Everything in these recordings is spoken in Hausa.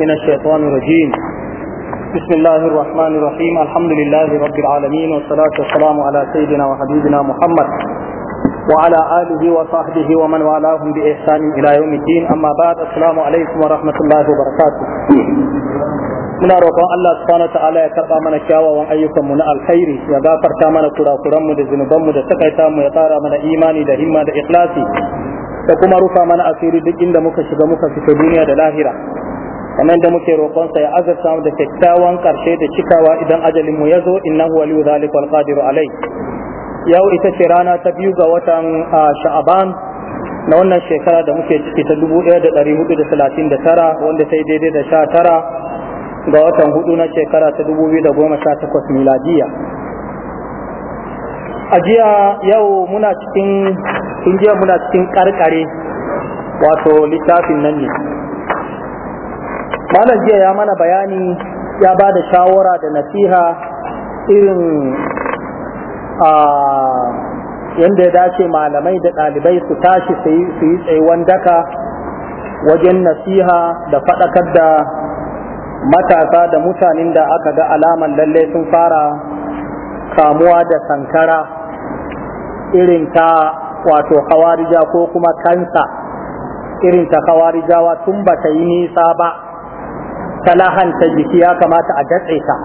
من الشيطان الرجيم بسم الله الرحمن الرحيم الحمد لله رب العالمين والصلاة والسلام على سيدنا وحبيبنا محمد وعلى آله وصحبه ومن والاهم بإحسان إلى يوم الدين أما بعد السلام عليكم ورحمة الله وبركاته muna roƙon Allah subhanahu wa ta'ala ya karɓa mana kyawawan ayyukan mu na alkhairi ya gafarta mana kurakuran mu da zunuban da takaita mu ya ƙara mana imani da himma da ikhlasi da kuma rufa mana asiri duk inda muka shiga muka fito duniya da lahira kamar da muke roƙonsa ya azurta mu da kyakkyawan ƙarshe da cikawa idan ajalin mu ya zo innahu waliyu zalika alqadiru alai yau ita ce rana ta biyu ga watan sha'aban na wannan shekara da muke ciki ta 1439 wanda sai daidai da 19 ga watan hudu na shekara ta 2018 miladiya a jiya yau muna cikin jiya muna cikin karkare wato littafin nan ne malam jiya ya mana bayani ya ba da shawara da nasiha irin a yadda ya dace malamai da ɗalibai su tashi su yi tsayuwan daka wajen nasiha da faɗakar da matasa da mutanen da aka ga alaman lalle sun fara kamuwa da sankara irin ta wato hawarija ko kuma kansa irin ta hawarijawa tun ba ta yi nisa ba ta jiki ya kamata a datse ta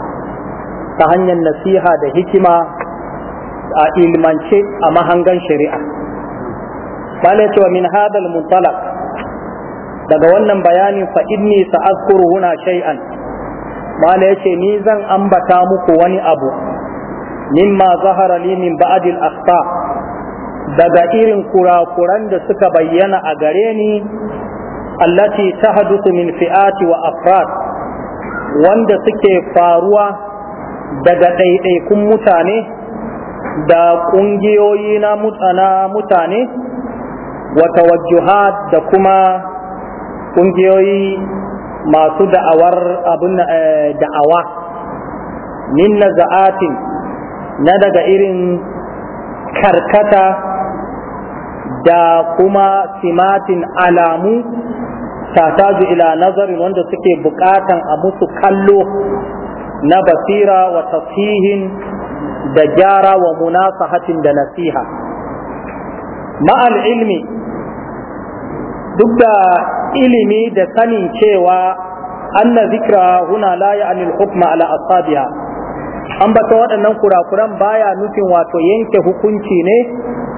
ta hanyar nasiha da hikima a ilmance a mahangan shari'a bale cewa min hadal muntalaq daga wannan bayanin fa inni sa'azkuru huna shay'an mala yace ni zan ambata muku wani abu mimma zahara li min ba'dil akhta daga irin kurakuran da suka bayyana a gare ni allati tahdusu min fi'ati wa afrad wanda suke faruwa daga ɗaiɗaikun mutane da ƙungiyoyi na mutane wata wajjuhat da kuma ƙungiyoyi masu da'awar abin eh, da'awa ninna na za'atin na daga irin karkata da kuma simatin alamu tahtaju ila nazarin wanda suke buƙatan a musu kallo na basira wa tasihin da gyara wa munasahatin da nasiha ma'al ilmi duk da ilimi da sanin cewa anna zikra huna la ya'ni al-hukma ala an bata waɗannan kurakuran baya nufin wato yanke hukunci ne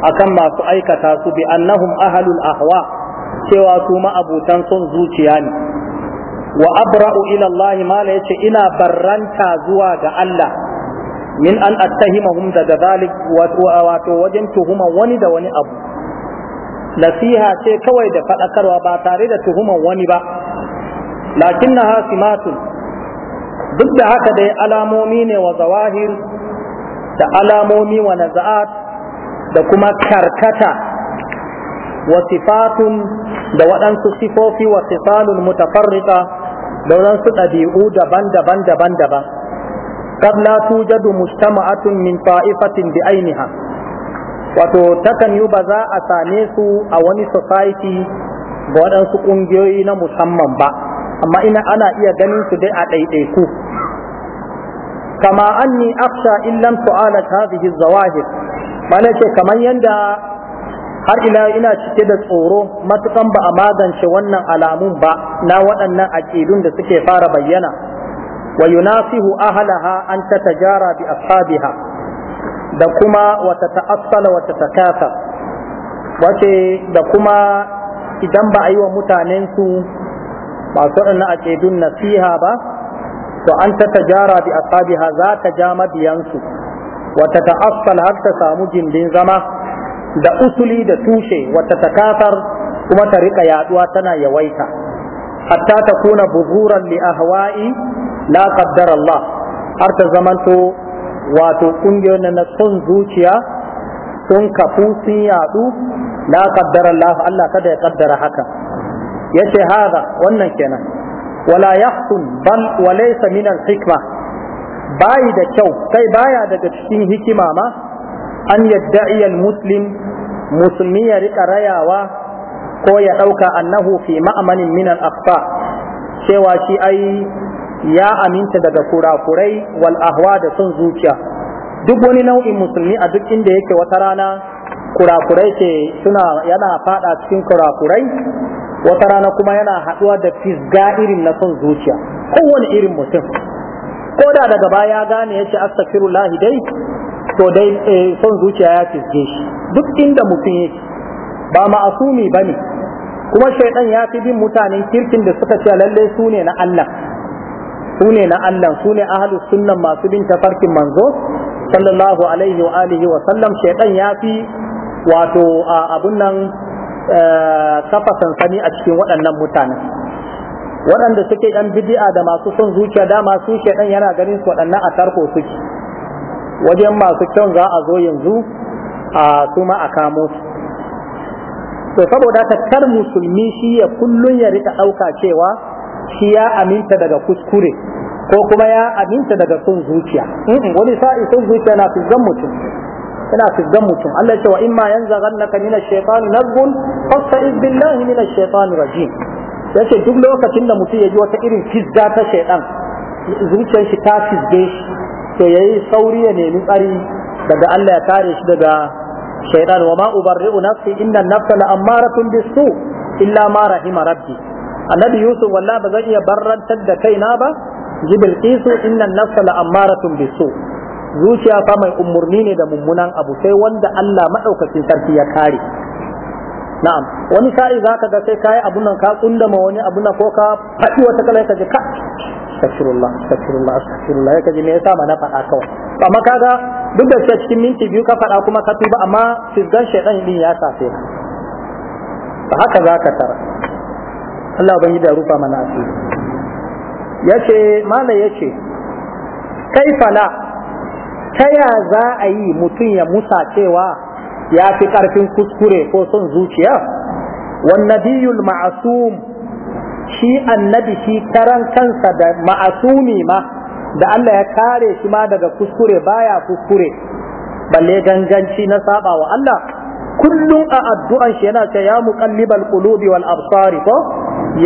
akan masu aikata su bi annahum ahalul ahwa' cewa su ma'abutan son zuciya ne wa abra'u ila Allah mala yace ina barranta zuwa ga Allah min an attahimahum daga zalik wato wajen tuhuma wani da wani abu nasiha ce kawai da faɗakarwa ba tare da tuhuman wani ba lakinnaha simatun duk da haka dai alamomi ne wa zawahir da alamomi wa naza'at da kuma karkata wa sifatun da waɗansu sifofi wa khisalun mutafarrika da waɗansu ɗabi'u daban-daban daban-daban kad la tujadu mujtama'atun min ta'ifatin bi ainiha wato takan yi ba za a same su a wani society ga waɗansu ƙungiyoyi na musamman ba amma ina ana iya ganin su dai a ɗaiɗaiku kama anni afsha in lam tu'alaj hadhihi zawahir bala ce kamar yanda har ila ina cike da tsoro matukan ba a magance wannan alamun ba na waɗannan aƙidun da suke fara bayyana wa yunasihu ahlaha an tatajara bi ashabiha da kuma wa tata'assala wa tatakasa wace da kuma idan ba a yi wa mutanen su ba su na aƙidun nasiha ba to an tatajara bi ashabiha za ta ja mabiyansu Wata ta'assala har ta samu gindin zama da usuli da tushe wata takasar kuma ta rika yaduwa tana yawaita hatta ta kuna buzuran li ahwa'i la qaddar Allah har ta zamanto wato kungiyoyin na son zuciya sun kafu sun yadu la qaddar Allah Allah kada ya kaddara haka yace hada wannan kenan wala yahsun bal wa min al-hikma bai da kyau kai baya daga cikin hikima ma an yadda'iyan muslim musulmi ya rika rayawa ko ya ɗauka annahu fi ma'amanin minan aqsa cewa shi ai ya aminta daga kurakurai wal ahwa da sun zuciya duk wani nau'in musulmi a duk inda yake wata rana kurakurai ke suna yana fada cikin kurakurai wata rana kuma yana haɗuwa da fisga irin na son zuciya kowane irin mutum ko da daga baya gane ya ce astaghfirullah dai to dai eh, son zuciya ya fiske shi duk inda mutum yake ba ma'asumi ba ne kuma shaidan ya fi bin mutanen kirkin da suka ce lalle su ne na Allah su ne na Allah su ahlus sunnan masu bin tafarkin manzo sallallahu alaihi wa alihi wa sallam shaidan ya fi wato abun nan eh, kafa sansani a cikin waɗannan mutane waɗanda suke ɗan bidi'a da masu son zuciya dama su shaidan yana ganin su waɗannan a tarko suke wajen masu kyan za a zo yanzu a kuma a kamo su to saboda ta kar musulmi shi ya kullun ya rika ɗauka cewa shi ya aminta daga kuskure ko kuma ya aminta daga sun zuciya wani sa'i sun zuciya na zan mutum yana zan mutum Allah ya ce wa imma yanzaghannaka minash shaitani fasta iz billahi minash shaitani rajim yace duk lokacin da mutum ya ji wata irin fizga ta shaitan zuciyar shi ta fizge shi ya yayi sauri ya nemi tsari daga Allah ya kare shi daga shaitan wa ma ubarri'u nafsi inna nafsa la bisu illa ma rahima rabbi annabi yusuf walla ba zan iya barrantar da kaina ba jibil qisu inna nafsa la bisu zuciya fa mai umurni ne da mummunan abu sai wanda Allah madaukakin sarki ya kare na'am wani sa'i zaka ga sai kai abun nan ka kundama wani abun nan ko ka faɗi wata kala ka ji ka astaghfirullah astaghfirullah astaghfirullah ya kaji me yasa ma na faɗa kawai amma kaga duk da cikin minti biyu ka faɗa kuma ka tuba amma fisgan shaidan din ya safe ka ba haka za ka tara Allah ban yi da rufa mana asiri yace ya yace kai fala ta ya za a yi mutum ya musa cewa ya fi karfin kuskure ko son zuciya wan nabiyul ma'sum shi annabi shi karan kansa da ma'asumi ma da Allah ya kare shi ma daga kuskure baya kuskure balle ganganci na saba wa Allah kullum a addu'an shi yana ce ya muqallibal qulubi wal absari ko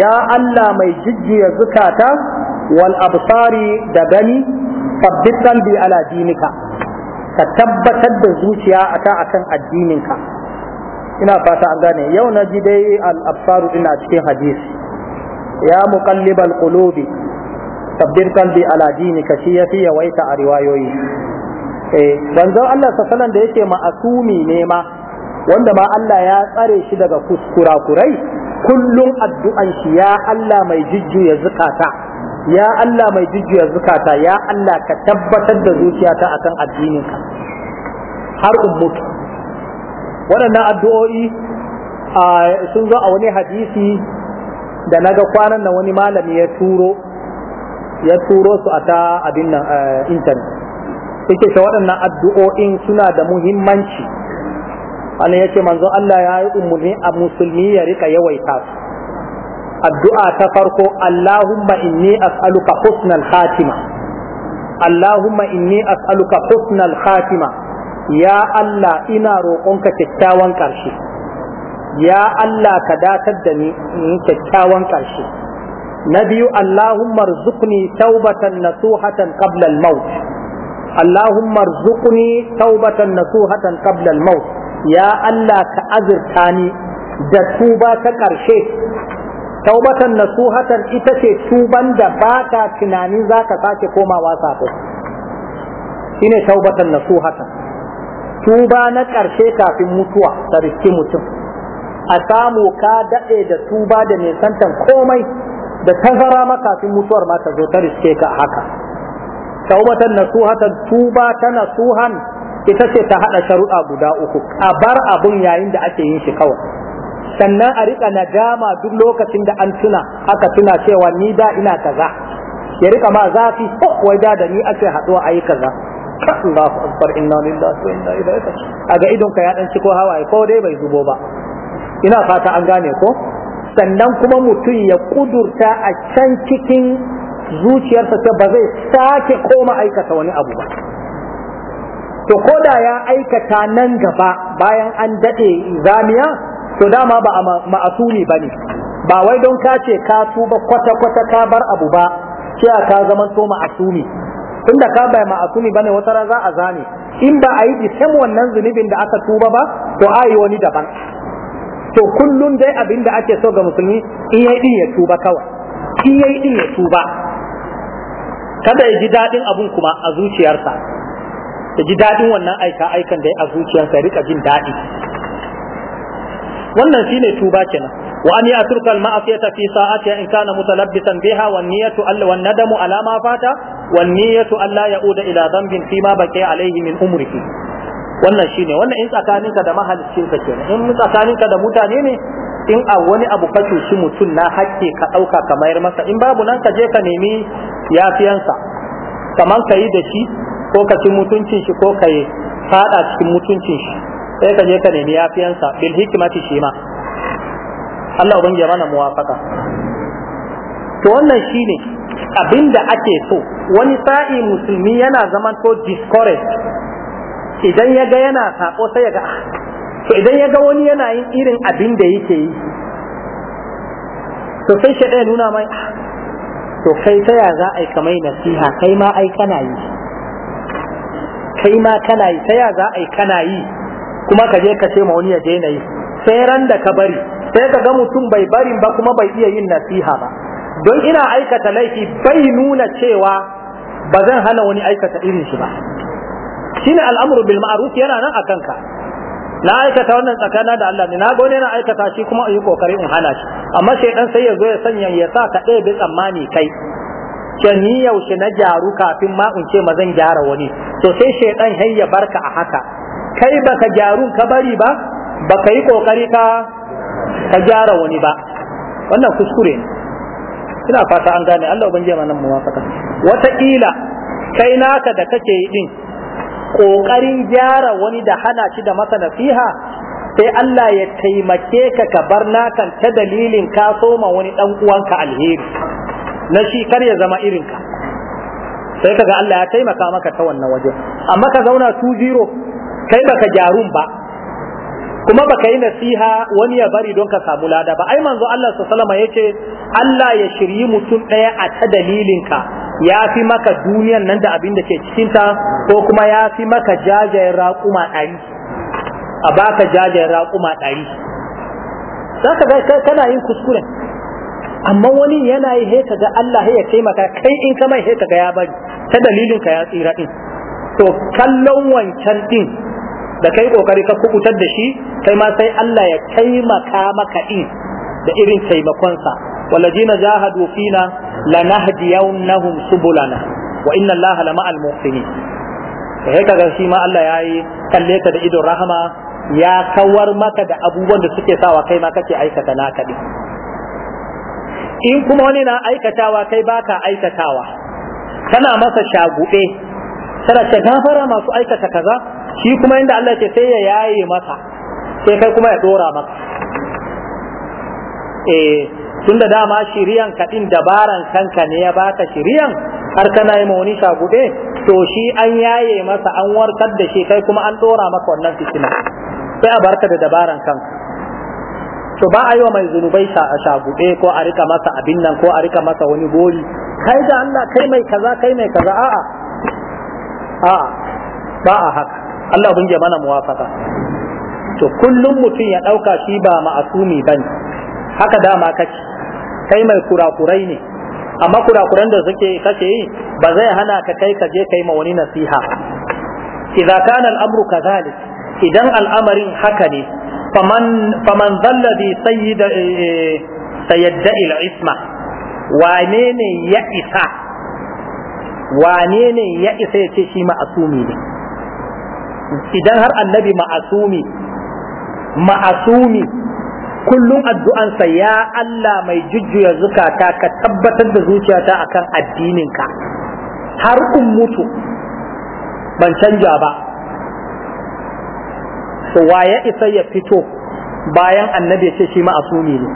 ya Allah mai jijjiya zukata wal absari da gani sabbit qalbi ala dinika ka tabbatar da zuciya ata akan addininka ina fata an gane yau na ji dai al absaru ina cikin hadisi ya muqallibal qulubi tabbir qalbi ala dinika shi yafi yawaita a eh banzan Allah sallallahu da yake ma'asumi ne ma wanda ma Allah ya tsare shi daga kuskura kurai kullum addu'an shi ya Allah mai jujjuya zukata ya Allah mai jujjuya zukata ya Allah ka tabbatar da zuciyata a kan addininka har ummutu waɗannan addu'o'i sun zo a wani hadisi da naga kwanan nan wani malami ya turo ya turo su a ta abin nan eh, intanet yake shi waɗannan addu'o'in suna da muhimmanci wannan yake manzo Allah ya yi umarni a musulmi ya rika yawaita su addu'a ta farko Allahumma inni as'aluka husnal khatima Allahumma inni as'aluka husnal khatima ya Allah ina roƙonka kyakkyawan ƙarshe ya Allah ka datar da ni kyakkyawan ƙarshe na biyu Allahumma rzuqni taubatan na qabla ƙablal maut Allahumma rzuqni taubatan na qabla ƙablal maut ya Allah ka azurta ni da tuba ta ƙarshe taubatan na nasuhatan ita ce tuban da ba ta tunani za ka sake komawa sabo shine taubatan na nasuhatan tuba na ƙarshe kafin mutuwa ta riske mutum a samu ka daɗe da tuba da nisantan komai da tazara maka kafin mutuwar ma ta zo ta riske ka haka taubatan nasuhatan tuba ta nasuhan ita ce ta haɗa sharuɗa guda uku a bar abun yayin da ake yin shi kawai sannan a riƙa nadama duk lokacin da an tuna aka tuna cewa ni da ina kaza ya riƙa ma zafi ko oh, wai da da ni ake haɗuwa a yi kaza Allahu akbar inna lillahi wa inna ilaihi raji'un aga idon ka ya dan ciko hawaye ko dai bai zubo ba ina fata an gane ko sannan kuma mutum ya kudurta a can cikin zuciyarsa ta ba zai sake koma aikata wani abu ba to ko da ya aikata nan gaba bayan an daɗe zamiya to dama ba a ne ba ne ba wai don ka ce ka tuba kwata-kwata ka bar abu ba a ka zama to tun tunda ka bai ma'asumi ba ne wata za a zane in ba a yi disem wannan zunubin da aka tuba ba to a yi wani daban to kullun dai abin da ake so ga musulmi in yi din ya tuba kawai in yi din ya tuba kada ya ji daɗin abun kuma a zuciyarsa ya ji daɗin wannan aika aikan da a zuciyarsa ya rika jin daɗi. wannan shine tuba kenan wa an yatruka al-ma'siyata fi sa'atiha in kana mutalabbisan biha wa niyyatu alla wa nadamu ala ma fata wa niyyatu alla ya'uda ila dhanbin fi ma baqiya alayhi min umrihi wannan shine wannan in tsakaninka da mahaliccinka ke in tsakaninka da mutane ne in a wani abu ka shi mutum na hakke ka ɗauka ka mayar masa in babu nan ka je ka nemi yafiyansa kamar ka yi da shi ko ka ci mutuncin shi ko ka yi fada cikin mutuncin shi sai ka je ka nemi yafiyansa bil hikimati shi ma Allah ubangiji mana muwafaka to wannan shine abinda ake so wani sa'i musulmi yana zaman to discouraged idan ya ga yana sako sai ya ga ah. to idan ya ga wani yana yin irin abin da yake yi to sai shi ɗaya nuna mai ah. to kai ta ya za a yi kamai nasiha kai ma ai kana yi kai ma kana yi ta ya za a yi kana yi kuma ka je ka ce ma wani ya na yi sai ran da ka bari sai ka ga mutum bai barin ba kuma bai iya yin nasiha ba don ina aikata laifi bai nuna cewa ba zan hana wani aikata irin shi ba shine al'amru bil ma'ruf yana nan akan ka na aikata wannan tsakana da Allah ne na gode na aikata shi kuma in yi kokari in hana shi amma sai dan sai ya zo ya sanya ya sa ka ɗaya bi tsammani kai ke ni yaushe na jaru kafin ma in ce ma zan gyara wani to sai shaidan har ya barka a haka kai baka gyaru ka bari ba baka yi kokari ka ka gyara wani ba wannan kuskure ne ina fata an gane Allah ubangiji mana muwafaka wata kila kai naka da kake yi din ƙoƙarin gyara wani da hana shi da masa nasiha sai Allah ya taimake ka ka bar nakan ta dalilin ka soma wani ɗan uwanka alheri na shi kar ya zama irin ka. sai kaga Allah ya taimaka maka ta wannan wajen amma ka zauna tu zero kai baka gyarun ba kuma baka yi nasiha wani ya bari don ka samu lada ba ai manzo Allah sallallahu alaihi wasallam yace Allah ya shiryi mutum ɗaya a ta dalilinka ya fi maka duniyan nan da abin da ke cikinta ko kuma ya fi maka jajayen raƙuma ɗari a baka jajayen raƙuma ɗari za ka ga kana yin kuskure amma wani yana yi ga Allah ya taimaka kai in ka mai ga ya bari ta dalilin ka ya tsira din to kallon wancan din da kai kokari ka kubutar da shi kai ma sai Allah ya taimaka maka din da irin taimakonsa wallazina jahadu fina yawnahum subulana wa inna allaha lama'al muhsinin sai kaga shi ma Allah yayi kalle ka da idon rahama ya kawar maka da abubuwan da suke sawa kai ma kake aikata naka din in kuma wani na aikatawa kai baka aikatawa kana masa shagube tana ce gafara masu aikata kaza shi kuma inda Allah ke sai ya yaye masa sai kai kuma ya dora maka eh tunda dama shiriyan kaɗin dabaran kanka ne ya baka shiriyan har kana yi wani shagude to shi an yaye masa an warkar da shi kai kuma an ɗora maka wannan fitina sai a barka da dabaran kanka to ba a yi wa mai zunubai shagude ko a rika masa abin nan ko a rika masa wani goli kai da Allah kai mai kaza kai mai kaza a'a a'a ba a haka Allah bunge mana muwafaka to kullum mutum ya ɗauka shi ba ma'asumi bane haka dama kake, kai mai kurakurai ne amma kurakuran da suke kake yi ba zai hana ka kai ka je kai ma wani nasiha idza kana al-amru kadhalik idan al'amarin haka ne faman faman dhalladhi sayyida eh, eh, sayyadda'i al-isma wane ne ya isa wane ne ya isa ya ce shi ma'asumi ne idan har annabi ma'asumi ma'asumi kullum addu'ansa ya Allah mai jujjuya zukata ka tabbatar da zuciyata akan addininka har in mutu ban canja ba so waye isa ya fito bayan annabi ce shi ma'asumi ne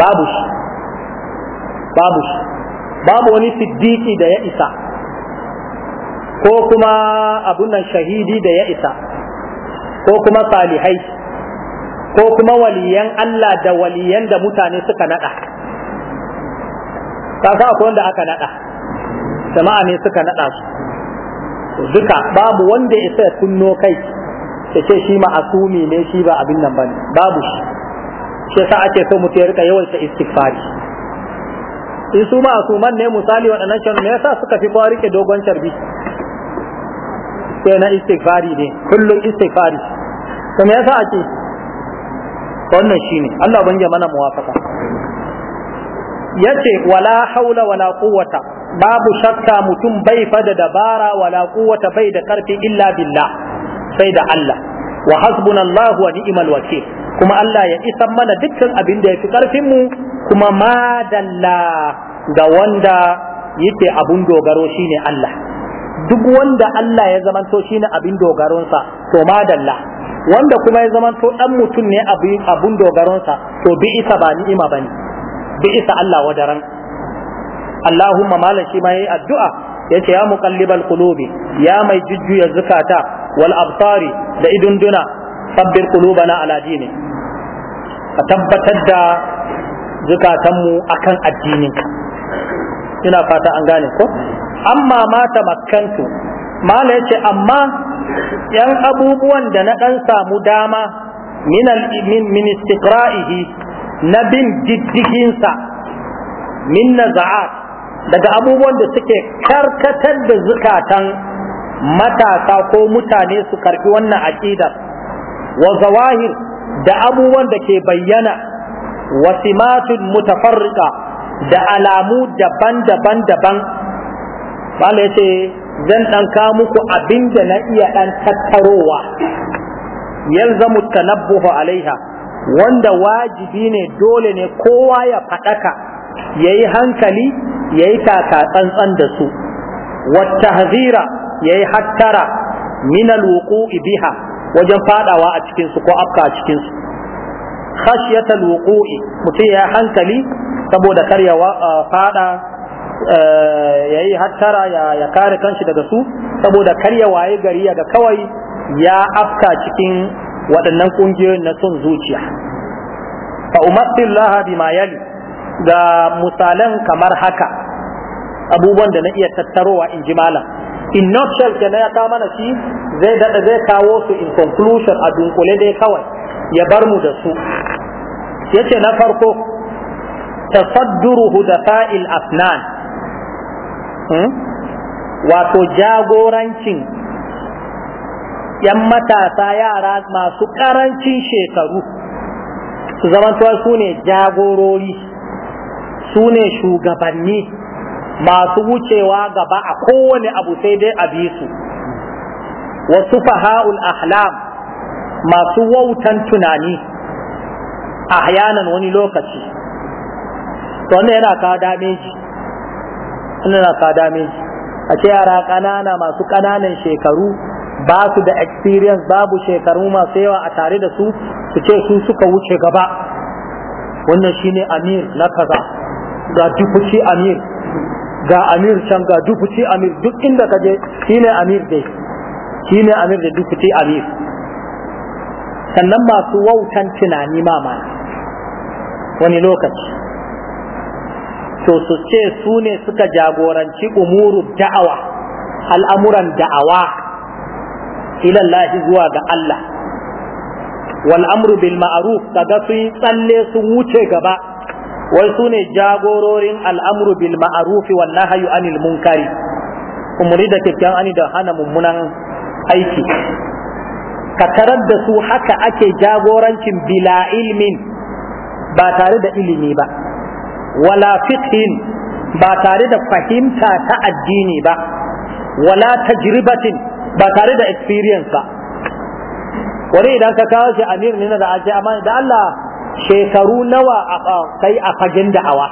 babu shi babu shi babu wani siddiki da ya isa ko kuma abun nan shahidi da ya isa ko kuma salihai ko kuma waliyan Allah da waliyan da mutane suka nada ta sa akwai wanda aka nada jama'a ne suka nada su duka babu wanda ya sa kunno kai ya ce shi ma'asumi ne shi ba abin nan bane babu shi shi sa ake so mutum ya rika sa istighfari in su ma'asuman ne misali waɗannan shan me yasa suka fi kowa rike dogon carbi sai na istighfari ne kullum istighfari to me yasa ake wannan shine Allah ban mana muwafaka yace wala haula wala quwwata babu shakka mutum bai fada dabara wala quwwata bai da karfi illa billah sai da Allah wa hasbunallahu wa ni'mal wakil kuma Allah ya isa mana dukkan abin da yafi karfin mu kuma madalla ga wanda yake abun dogaro shine Allah duk wanda Allah ya zamanto shine abin dogaronsa to madalla wanda kuma ya zama to dan mutum ne abun dogaronsa to bi isa ba ni'ima bane bi isa Allah wadaran Allahumma malan shi ma yayi addu'a yace ya muqallibal qulubi ya mai jujjuya zukata wal absari da duna sabbir qulubana ala dini ka tabbatar da zukatanmu akan addininka ina fata an gane ko amma mata makkantu mala ce, amma yan abubuwan da na dan samu dama min istiqra'ihi na bin diddiginsa min naza'at daga abubuwan da suke karkatar da zukatan matasa ko mutane su karbi wannan aqidar wa zawahir da abubuwan da ke bayyana wa simatun mutafarriqa da alamu daban-daban daban ya yace zan ɗan ka muku abin na iya ɗan tattarowa yalzamu tanabbuhu alaiha wanda wajibi ne dole ne kowa ya faɗaka yayi hankali yayi yi taka tsantsan da su wata hazira ya hattara min alwuqu'i biha wajen fadawa a cikinsu ko afka a cikinsu khashiyatal wuqu'i mutum ya hankali saboda kar ya fada. Eh, yayi hattara ya kare kanshi daga su saboda karya waye gari ya ga kawai ya afka cikin waɗannan ƙungiyoyin na son zuciya fa Lahadi bima yali ga misalan kamar haka abubuwan da na iya tattarowa in ji malam in shall ke ya ta mana shi zai dada zai kawo su in conclusion a dunkule dai kawai ya bar mu da su yace na farko da hudafa'il afnan Hmm? wato jagorancin ‘yan matasa yara masu ƙarancin shekaru su zamantuwa su ne jagorori su ne shugabanni masu wucewa gaba a kowane abu sai dai a bi su wasu faha'ul ahlam masu wautan tunani a hayanan wani lokaci to wanda yana kawo dameji suna ka dame a ce yara ƙanana masu ƙananan shekaru ba su da experience babu shekaru masu yawa a tare da su su ce su suka wuce gaba wannan shine amir na kaza ga dufuci amir ga amir can ga dufuci amir duk inda ka je shine amir dai shine amir da dufuci amir sannan masu wautan tunani ma wani lokaci to su ce su ne suka jagoranci umuru da'awa al'amuran da'awa ilallahi zuwa ga Allah wal amru bil ma'ruf kaga su yi tsalle sun wuce gaba wai su ne jagororin amru bil ma'ruf wal nahyu anil munkari umuri da kyakkyawan ani da hana mummunan aiki ka tarar da su haka ake jagorancin bila ilmin ba tare da ilimi ba wala fiqhin ba tare da fahimta ta addini ba wala tajribatin ba tare da experience ba wani idan ka kawo shi amir ne da ake amma da Allah shekaru nawa a kai a fagen da'awa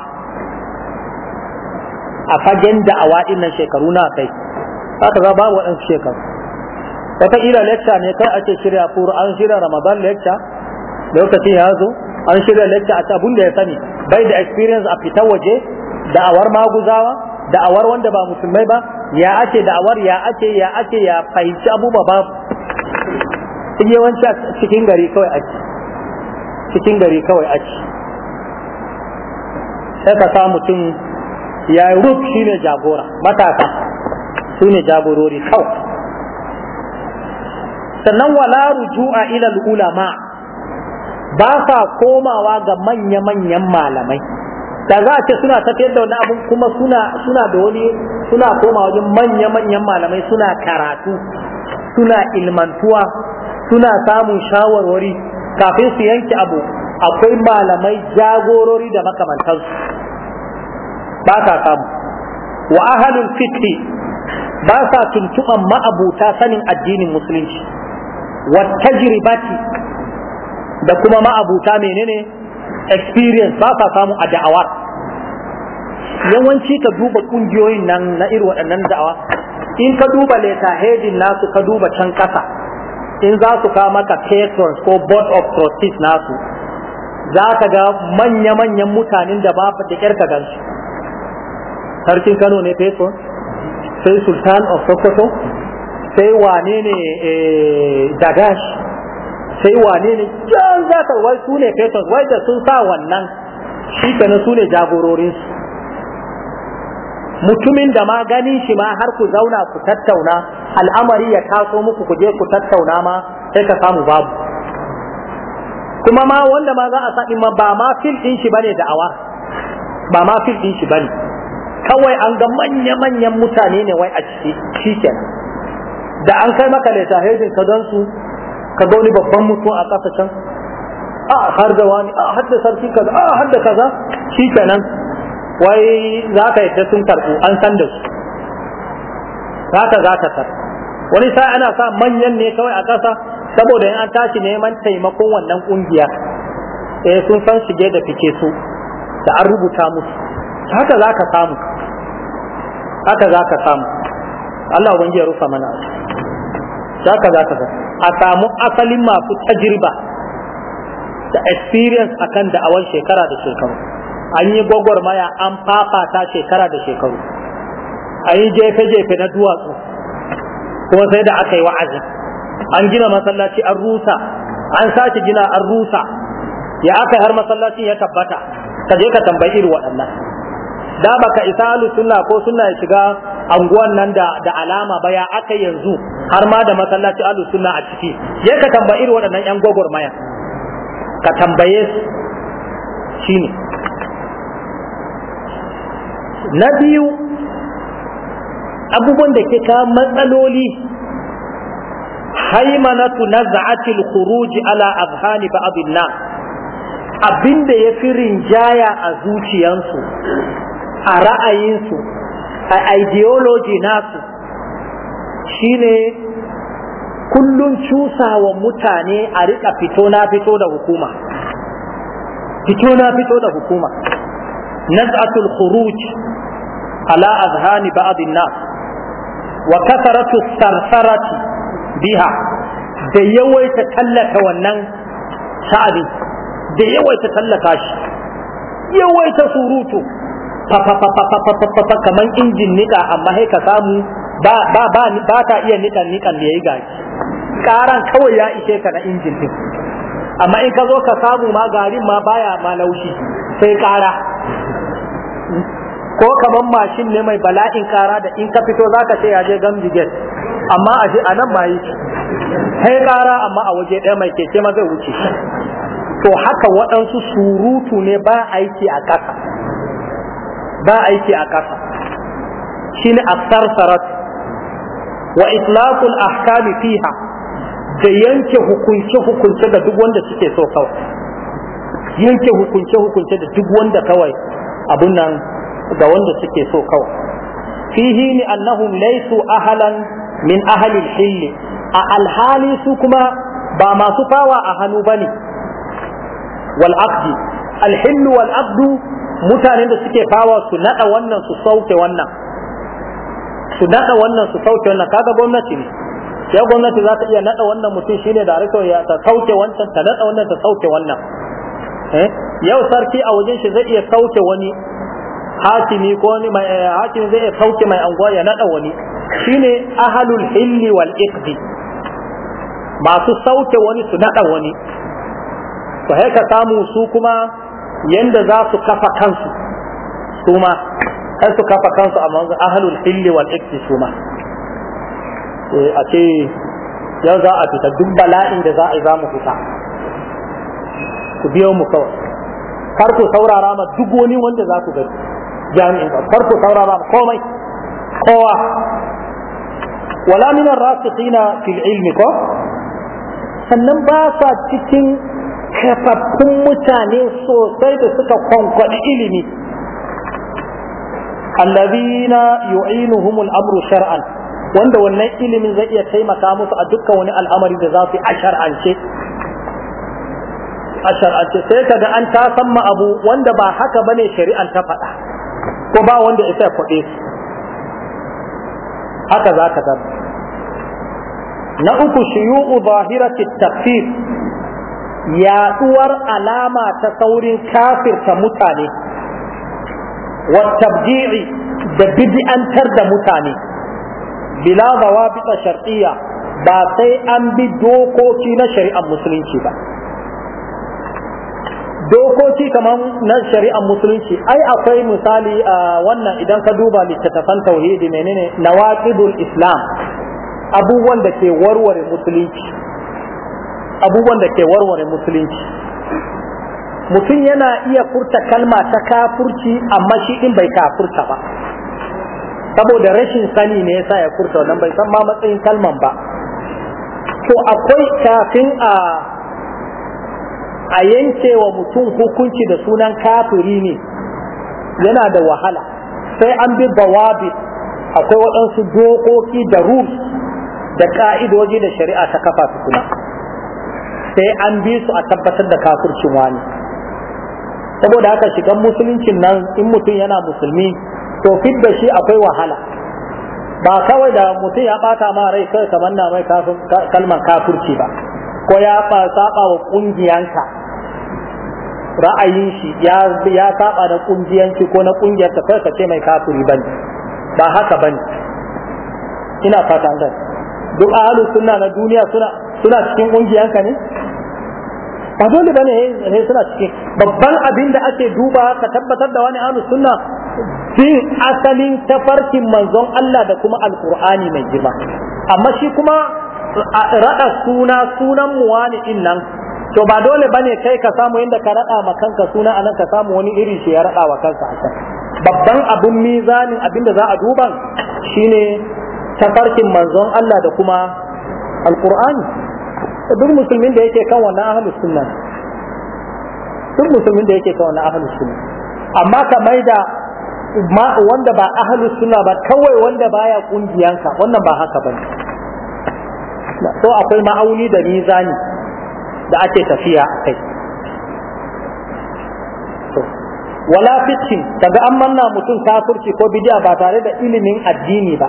a fagen da'awa din nan shekaru nawa kai haka za babu waɗansu shekaru ila lecture ne kai ake shirya Qur'an an shirya ramadan lecture lokaci ya zo an shirya lecture a abun da ya sani bai da experience a fita waje da'awar maguzawa da'awar wanda ba musulmai ba ya ake da'awar ya ake ya ake ya fahimci abubuwa ba yawanci cikin gari kawai ake cikin gari kawai ake sai ka sa mutum ya yi rub shi ne jagora matasa su ne jagorori kawai sannan wala ruju'a ila ulama ba sa komawa ga manya-manyan malamai da za a ce suna tafiyar da wani abu kuma suna da wani suna koma wajen manya-manyan malamai suna karatu suna ilmantuwa suna samun shawarwari kafin su yanke abu akwai malamai jagorori da makamantansu ba sa samu wa ahalin fitri ba sa tuntuɓan ma'abuta sanin addinin musulunci wa tajribati da kuma ma'abuta menene experience ba sa samu a da'awa yawanci ka duba kungiyoyin nan na irin waɗannan da'awa in ka duba leta hedin nasu ka duba can ƙasa in za su ka maka patrons ko board of trustees nasu za ka ga manya-manyan mutanen da ba da ƙyar ka su sarkin kano ne patron sai sultan of sokoto sai wane ne eh, dagash sai wane ne jan za ta wai su ne fetus wai da sun sa wannan shi kenan su ne jagororin su mutumin da ma ganin shi ma har ku zauna ku tattauna al'amari ya taso muku ku je ku tattauna ma sai ka samu babu kuma ma wanda ma za a sa ma ba ma fil din shi bane awa, ba ma fil din shi bane kawai an ga manya-manyan mutane ne wai a ciki shi kenan da an kai maka littafin ka don su ka ga wani babban mutuwa a ƙasa can a har da wani a har da sarki kaza a har da kaza shi kenan wai za ka yadda sun karɓu an san da su za ka za ka tar wani sai ana sa manyan ne kawai a ƙasa saboda in an tashi neman taimakon wannan ƙungiya eh sun san shige da fice su da an rubuta musu haka za ka samu haka za ka samu Allah ubangiji ya rufa mana haka za ka samu a samu asalin masu tajirba da experience a a da'awar shekara da shekaru an yi gwagwarmaya an fafata shekara da shekaru an yi jefe-jefe na duwatsu kuma sai da aka yi wa'azi an gina masallaci an rusa an sace gina an rusa ya aka har masallacin ya tabbata ka je ka tambayi irin waɗannan da baka isa sunna ko suna shiga anguwan nan da da alama ba ya aka yanzu har ma da masallaci alu sunna a ciki je ka tambayi irin waɗannan yan maya, ka tambaye su shine na biyu abubuwan da ke ka matsaloli haimanatu naz'atil khuruj ala azhani ba'd an-nas abinda ya fi rinjaya a zuciyansu a ra'ayinsu a ideology nasu shine kullum cusawa mutane a rika fito na fito da hukuma fito na fito da hukuma naz'atul khuruj ala azhani ba'd nas wa kasaratu sarsarati biha da yawaita tallata wannan sha'abi da yawaita tallata shi yawaita surutu fa iya nikan kawai ya injin in ka zo ka ma garin ma mashin ne bala'in da fito zaka a a waje ɗaya mai keke ma zai wuce to haka waɗansu surutu ne ba aiki a ƙasa ba aiki a ƙasa shine as-sarsarat wa itlaqul ahkami fiha da yanke hukunce hukunce ga duk wanda suke so kawai yanke hukunce hukunce da duk wanda kawai abun nan ga wanda suke so kawai fihi ni annahum laysu ahalan min ahli al a alhali su kuma ba masu fawa a hannu bane wal aqdi al-hill wal mutanen da suke fawa su nada wannan su sauke wannan su nada wannan su sauke wannan kaga gwamnati ne ya gwamnati za ta iya nada wannan mutum shine da rikon ya ta sauke wancan ta nada wannan ta sauke wannan eh? yau sarki a wajen shi zai iya sauke wani hakimi ko wani mai eh, hakimi zai iya sauke mai anguwa ya nada wani shine ahalul hilli wal iqdi masu sauke wani su nada wani to haka samu su kuma yanda za su kafa kansu su ma kan su kafa kansu a manzan ahalul hilli wal ikti su ma eh, a ce yau za a fita duk bala'in da za a yi za mu fita ku biyo mu kawai kar ku saurara ma duk wani wanda za ku gani jami'in ba kar ku saurara ma komai kowa wala minan ar-rasikhina fil ilmi ko sannan ba sa cikin kafaffun mutane sosai da suka kwankwaɗi ilimi allazina yu'inuhumul amru shar'an wanda wannan ilimin zai iya taimaka musu a dukkan wani al'amari da za su yi a shar'ance a shar'ance sai kaga an ta san abu wanda ba haka bane shari'an ta faɗa ko ba wanda ya sai kuɗe su haka za ka zama na uku shuyu'u zahirati tafsir yaduwar alama ta saurin kafirta mutane wa da bid'antar da mutane bila zawabita shar'iyya ba sai an bi dokoki na shari'ar musulunci ba dokoki kamar na shari'ar musulunci ai akwai misali a wannan idan ka duba littattafan tauhidi menene nawaqidul islam abubuwan da ke warware musulunci abubuwan da ke warware musulunci mutum yana iya furta kalma ta kafurci amma shi din bai kafurta ba saboda rashin sani ne yasa ya furta wannan bai san ma matsayin kalman ba to akwai kafin a a yanke wa mutum hukunci da sunan kafiri ne yana da wahala sai an bi bawabi akwai waɗansu dokoki da rus da ka'idoji da shari'a ta kafa kuma sai an bi su a tabbatar da kafircin wani saboda haka shigan musuluncin nan in mutum yana musulmi to fit da shi akwai wahala ba kawai da mutum ya bata ma rai kai kamar na mai kalmar kafirci ba ko ya saba wa kungiyanka ra'ayin shi ya saba da kungiyanci ko na ta kai ka ce mai kafiri bane ba haka bane ina fata duk ahlus sunna na duniya suna suna cikin kungiyanka ne ba dole bane sai suna cike babban abin da ake duba ka tabbatar da wani ahlus sunna bin asalin tafarkin manzon Allah da kuma alqur'ani mai girma amma shi kuma rada suna sunan muwani din nan to ba dole bane kai ka samu inda ka rada ma kanka suna anan ka samu wani iri shi ya rada wa kanka a babban abin mizanin abin da za a duba shine tafarkin manzon Allah da kuma alqur'ani duk musulmin da yake kan wannan ahlus sunna duk musulmin da yake kan wannan ahlus sunna amma ka maida ma wanda ba ahlus sunna ba kawai wanda baya kungiyanka wannan ba haka bane so akwai ma'auni da mizani da ake tafiya akai, kai wala fitin daga an manna mutum kafirci ko bidiya ba tare da ilimin addini ba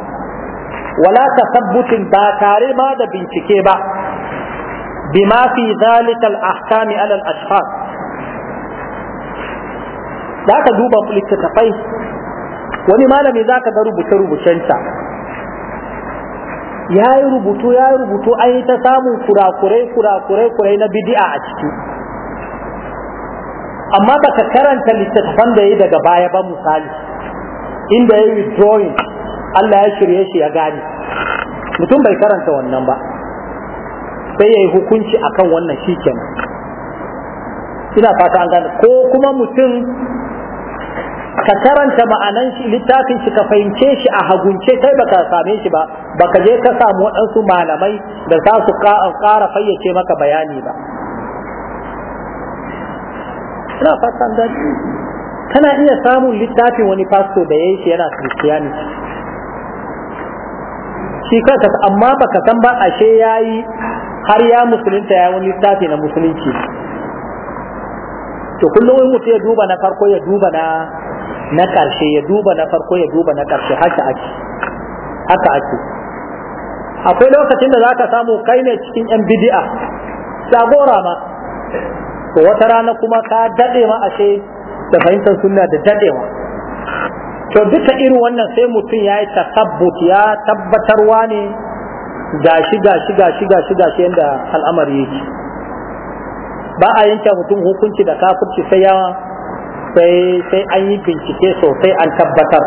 wala tasabbutin ba tare ma da bincike ba bima fi ahkami ala al-ashkhas ka duba littattafai wani malami za ka ga rubuce-rubucensa ya yi rubutu ya rubutu an yi ta samun kurakurai na bidi'a a ciki amma ba ka karanta littattafan da ya yi daga baya ba misali inda ya yi drawing Allah ya shirye shi ya gane mutum bai karanta wannan ba sai ya yi hukunci akan wannan shi kenan ina fata an gane ko kuma mutum ka karanta ma'anan shi littafin shi ka fahimce shi a hagunce kai baka same shi ba baka je ka samu waɗansu malamai da za su ƙara fayyace maka bayani ba ina fata an gane kana iya samun littafin wani pastor da yayi shi yana christianity shi kanka amma baka san ba ashe yayi har ya musulunta ya wani tafi na musulunci to kullum wai mutum ya duba na farko ya duba na na karshe ya duba na farko ya duba na karshe haka ake haka ake akwai lokacin da za ka samu kai ne cikin yan bidi'a sagora ma to wata rana kuma ka daɗe ma ashe da fahimtar sunna da daɗewa to duka irin wannan sai mutum ya yi takabbut ya tabbatarwa ne gashi gashi gashi gashi gashi yanda al'amari yake ba a yanke mutum hukunci da kafirci sai ya sai an yi bincike sosai an tabbatar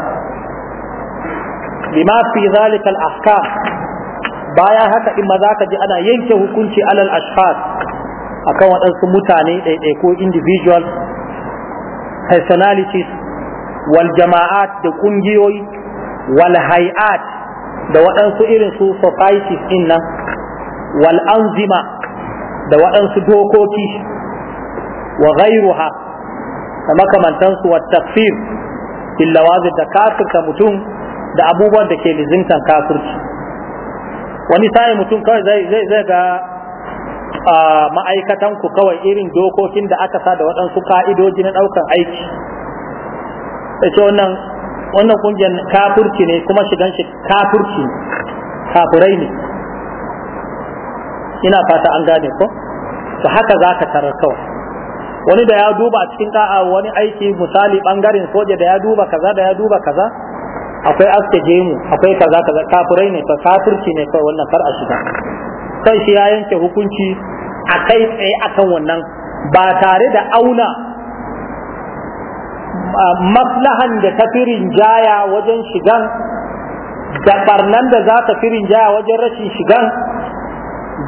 bima fi zalika al-ahkam haka in ma zaka ji ana yanke hukunci alal ashkhas akan waɗansu mutane ɗaiɗaiku individual personalities wal jama'at da ƙungiyoyi wal hay'at da waɗansu irin su societies din nan wal anzima da waɗansu dokoki wa ghairuha da makamantansu wa takfir illawazi da kafirta mutum da abubuwan da ke lizintan kafirci wani sa'in mutum kawai zai zai ga ma'aikatanku kawai irin dokokin da aka sa da waɗansu ka'idoji na ɗaukan aiki sai wannan wannan kungiyar kafirci ne kuma shigan shi kafirci kafurai ne ina fata an gane ko to haka za ka tarar kawai wani da ya duba a cikin da'a wani aiki misali bangaren soja da ya duba kaza da ya duba kaza akwai aske jemu akwai kaza kaza Kafurai ne fa kafirci ne kawai wannan far a shiga sai shi ya yanke hukunci a kai tsaye akan wannan ba tare da auna maslahan da ta firin jaya wajen shigan da barnan da za ta firin jaya wajen rashin shigan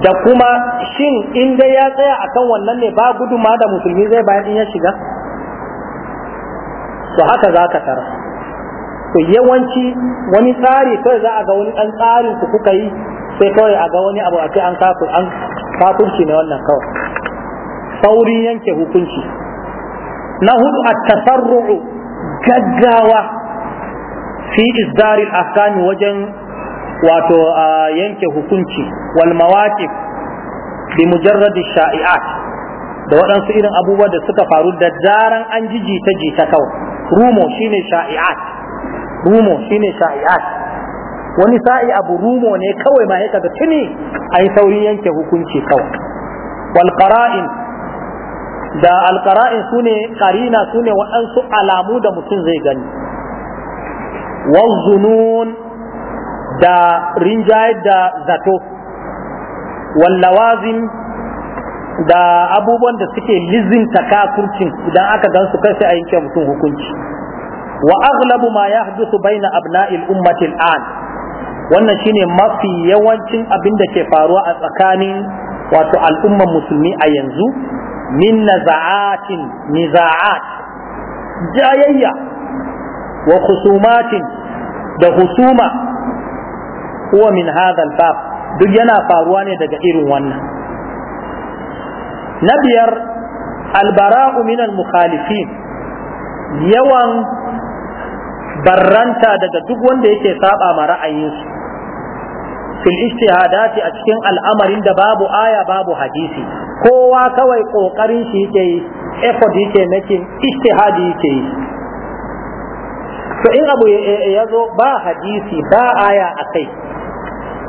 da kuma shin inda ya tsaya a kan wannan ne ba guduma da musulmi zai bayan in ya shiga su haka za ka tara to yawanci wani tsari kawai za a ga wani ɗan tsarin ku kuka yi sai kawai a ga wani abu a kai an kafurci ne wannan kawai saurin yanke hukunci na hudu a tafarru'u gaggawa fi izdaril ahkami wajen wato yanke hukunci wal mawaqif bi mujarrad sha'i'at da waɗansu irin abubuwa da suka faru da zaran an ji jita jita kawai rumo shine sha'i'at rumo shine sha'i'at wani sa'i abu rumo ne kawai ma yaka da tuni ai saurin yanke hukunci kawai wal qara'in da alƙara'in su ne ƙarina su ne waɗansu alamu da mutum zai gani wazzunun da rinjayar da zato wallawazin da abubuwan da suke lizinta kafurcin idan aka gan su kai sai a yanke mutum hukunci wa aghlabu ma yahdusu baina abna'il ummati al'an wannan shine mafi yawancin abin da ke faruwa a tsakanin wato al'umman musulmi a yanzu min naza'atin niza'at jayayya wa khusumatin da husuma huwa min hadha al duk yana faruwa ne daga irin wannan na biyar albara'u min yawan barranta daga duk wanda yake saɓa ma ra'ayinsu fil ijtihadati a cikin al'amarin da babu aya babu hadisi kowa kawai kokarin shi yake yi effort yake nake ijtihadi yake yi to in abu ya zo ba hadisi ba aya a kai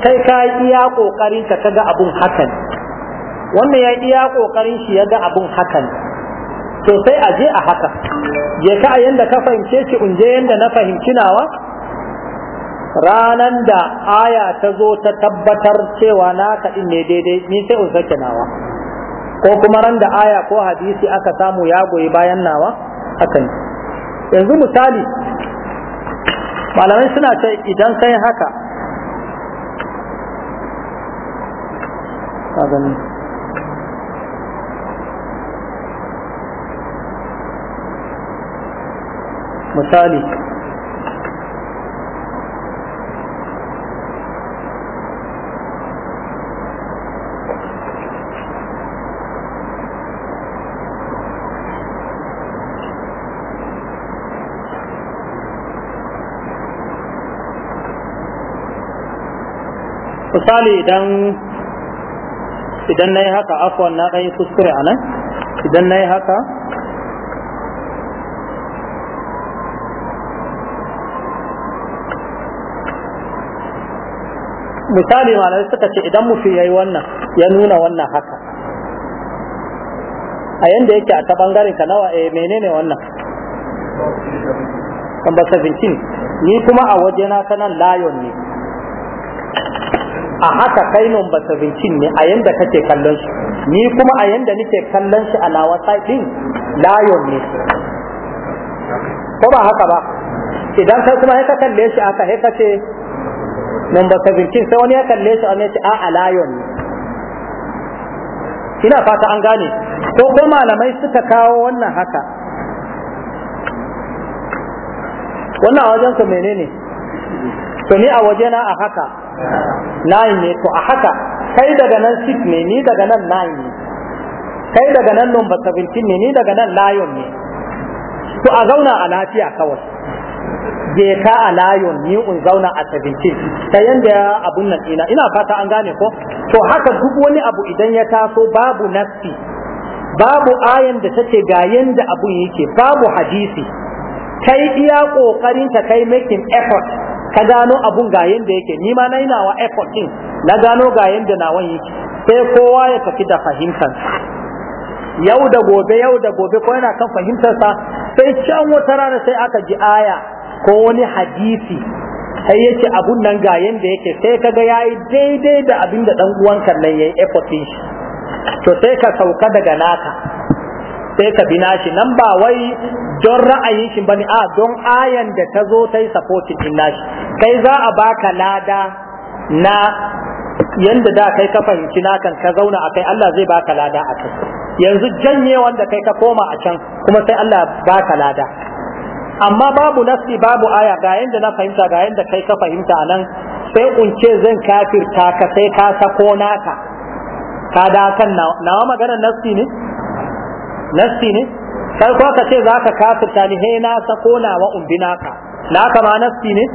kai ka iya kokarin ka kaga abun hakan wannan ya iya kokarin shi ya ga abun hakan to sai a je a haka je ka yanda ka fahimce shi in yanda na fahimci nawa ranan da aya ta zo ta tabbatar cewa naka din ne daidai ni sai in sake nawa ko kuma ran da aya ko hadisi aka samu ya goyi bayan nawa Haka ne yanzu misali malamai suna ce idan sai haka misali misali idan idan na yi haka afwan na kai kuskure a nan idan na yi haka misali malamai suka ce idan mutum ya yi wannan ya nuna wannan haka a yanda yake a ta bangaren ka nawa eh menene wannan number 17 ni kuma a waje na sanan lion ne a haka kainon sabincin ne a yanda kake kallon shi ni kuma a yanda nake kallon shi a lawa din layon ne ko ba haka ba idan sai kuma haka kalle shi aka he kace ba 17 sai wani ya kalle shi an ce a a layon ne ina fata an gane ko ko malamai suka kawo wannan haka wannan a wajen su menene to ni a wajena a haka Nine ne to a haka kai daga nan six ne ni daga nan nine ne kai daga nan number 17 ne ni daga nan lion ne to a zauna a lafiya kawai je ka a lion ni in zauna a 17 ta yanda abun nan ina ina fata an gane ko to haka duk wani abu idan ya taso babu nafsi babu ayan da take ga yanda abun yake babu hadisi kai iya kokarin ta kai making effort ka gano abun ga yanda yake ni ma na nawa effort din na gano ga yanda wani yake sai kowa ya tafi da fahimtar yau da gobe yau da gobe ko yana kan fahimtarsa sai can wata rana sai aka ji aya ko wani hadisi sai yace abun nan ga yanda yake sai kaga yayi daidai da abin da dan uwanka nan yayi effort din to sai ka sauka daga naka sai ka bi nashi nan ba wai don ra'ayin shi bane a don ayan da ta zo ta yi supporting din nashi kai za a baka lada na yanda da kai ka fahimci nakan ka zauna a kai, Allah zai baka lada a kai. yanzu janye wanda kai ka koma a can kuma sai Allah baka lada amma babu nasi babu aya ga yanda na fahimta ga yanda kai ka fahimta anan sai unce zan kafirta ka sai ka sako naka ka da kan nawa maganar nasi ne Nasti ne kai ko ka ce zaka kafirta ni he na sako nawa umbinaka naka ma nasti ne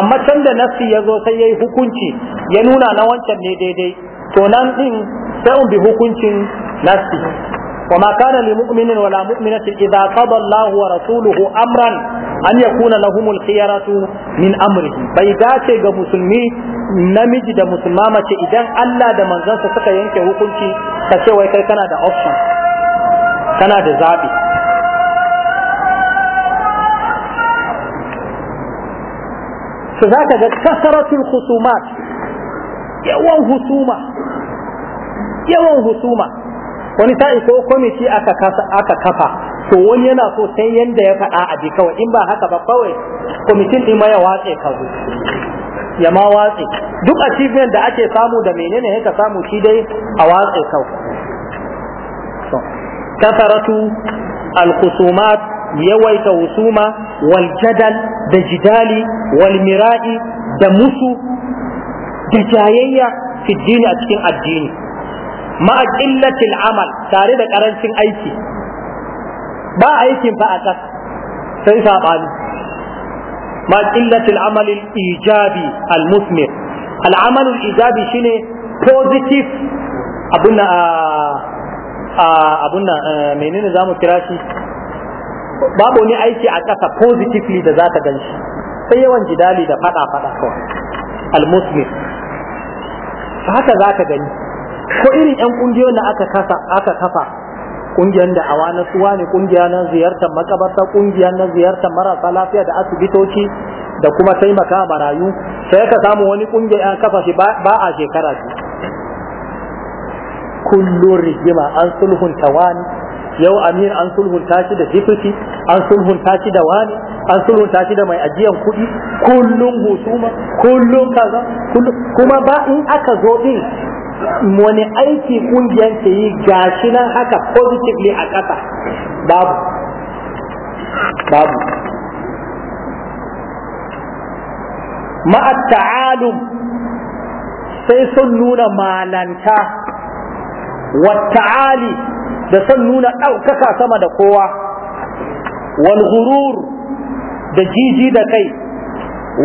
amma can da nasti ya zo sai yayi hukunci ya nuna na wancan ne daidai to nan din sai umbi hukuncin mu'minin wala كان لمؤمن ولا مؤمنة إذا قضى amran an yakuna أن يكون لهم min bai Bai dace ga musulmi namiji da musulma mace idan Allah da manzansa suka yanke hukunci ka ce wai kai kana da option kana da zaɓi su za ka ga kasaratul husuma yawan husuma yawan husuma wani ta iso kwamiti aka kafa to wani yana so sai yanda ya faɗa a bi kawai in ba haka ba kawai kwamitin ɗin ma ya watse ka ya ma watse duk achievement da ake samu da menene ya ka samu shi dai a watse kawai kasaratu alkusumat yawaita husuma wal da jidali wal da musu da jayayya fi a cikin addini ma'a amal tare da ƙarancin aiki ba aikin fa a kas sai sabani ma qillatil amal ijabi al musmir al amal al ijabi shine positive abun a ah, A abun nan eh, menene za kira shi babu wani aiki a ƙasa positively da za ta gan sai yawan jidali da faɗa-faɗa kawai al-muslim haka za ka gani ko irin 'yan ƙungiyoyin da aka aka kafa ƙungiyar da awa na suwa ne ƙungiya na ziyartar makabarta ƙungiya na ziyartar marasa lafiya da asibitoci da kuma taimaka marayu sai ka samu wani ƙungiya kafa shi ba a shekara biyu kullun rigima an sulhunta wani yau amir an sulhunta shi da deputy an sulhunta shi da wani an sulhunta shi da mai ajiyan kuɗi kullun husuma kullun kaza kuma ba in aka zo din wani aiki kungiyar ke yi gashi nan haka positively a ƙasa babu babu ma'a ta'alum sai sun nuna malanta wata'ali da son nuna ɗaukaka sama da kowa wal da jiji da kai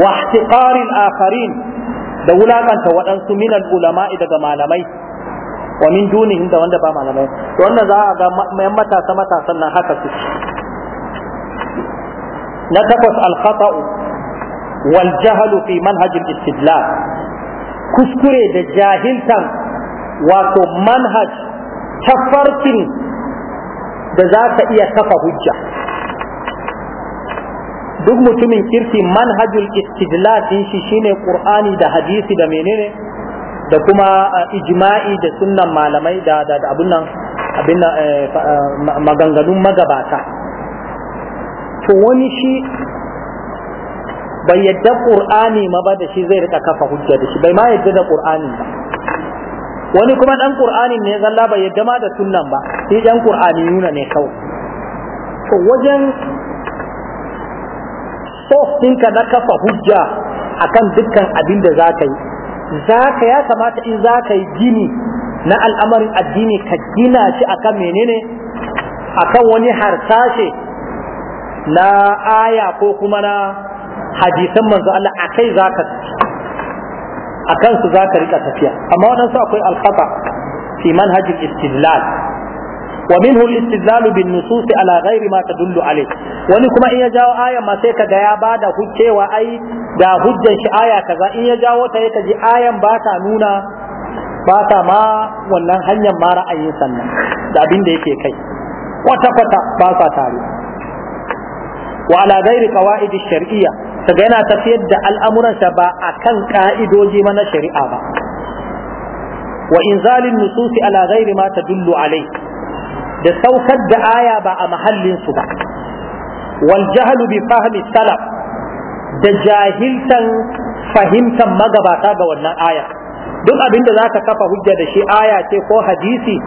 wa ihtiqarin akharin da wulakanta waɗansu minan ulama'i daga malamai wa min dunihim da wanda ba malamai to wannan za a ga mayan matasa matasan nan haka su na takwas al-khata'u wal jahlu fi manhajin al-istidlal kuskure da jahiltan wato manhaj ta farkin da za ka iya kafa hujja duk mutumin kirki manhajul istidlal shi shine qur'ani da hadisi da menene da kuma ijma'i da sunnan malamai da da nan abin eh, eh, maganganun magabata to wani shi bai yadda qur'ani ma ba da shi zai rika kafa hujja da shi bai ma yadda da qur'ani ba wani kuma dan qur'anin ne zalla bai yadda ma da sunnan ba sai dan qur'ani nuna ne kawai to wajen sof ka na kafa hujja akan dukkan abin da za ka yi za ka ya kamata in za ka yi gini na al'amarin addini ka gina shi akan menene akan wani harsashe na aya ko kuma na hadisan manzo Allah akai za ka a kansu za ka rika tafiya amma waɗansu akwai alkhata fi manhajin istidlal wa minhu al-istidlal bin nusus ala ghairi ma tadullu alayh wani kuma in ya jawo aya ma sai kaga ya bada hujjewa ai da hujjar shi aya kaza in ya jawo ta ya kaji ayan ba ta nuna ba ta ma wannan hanyar ma ra'ayin sannan da abin da yake kai kwata kwata ba sa tare wa ala ghairi qawaid ash-shar'iyyah kaga yana tafiyar da al'amuransa ba a kan ƙa'idoji mana shari'a ba wa inzalin nususi ala ghairi ma tadullu alai da saukar da aya ba a mahallin su ba wal jahlu bi fahmi salaf da jahiltan fahimtan magabata ga wannan aya duk abin da zaka kafa hujja da shi aya ce ko hadisi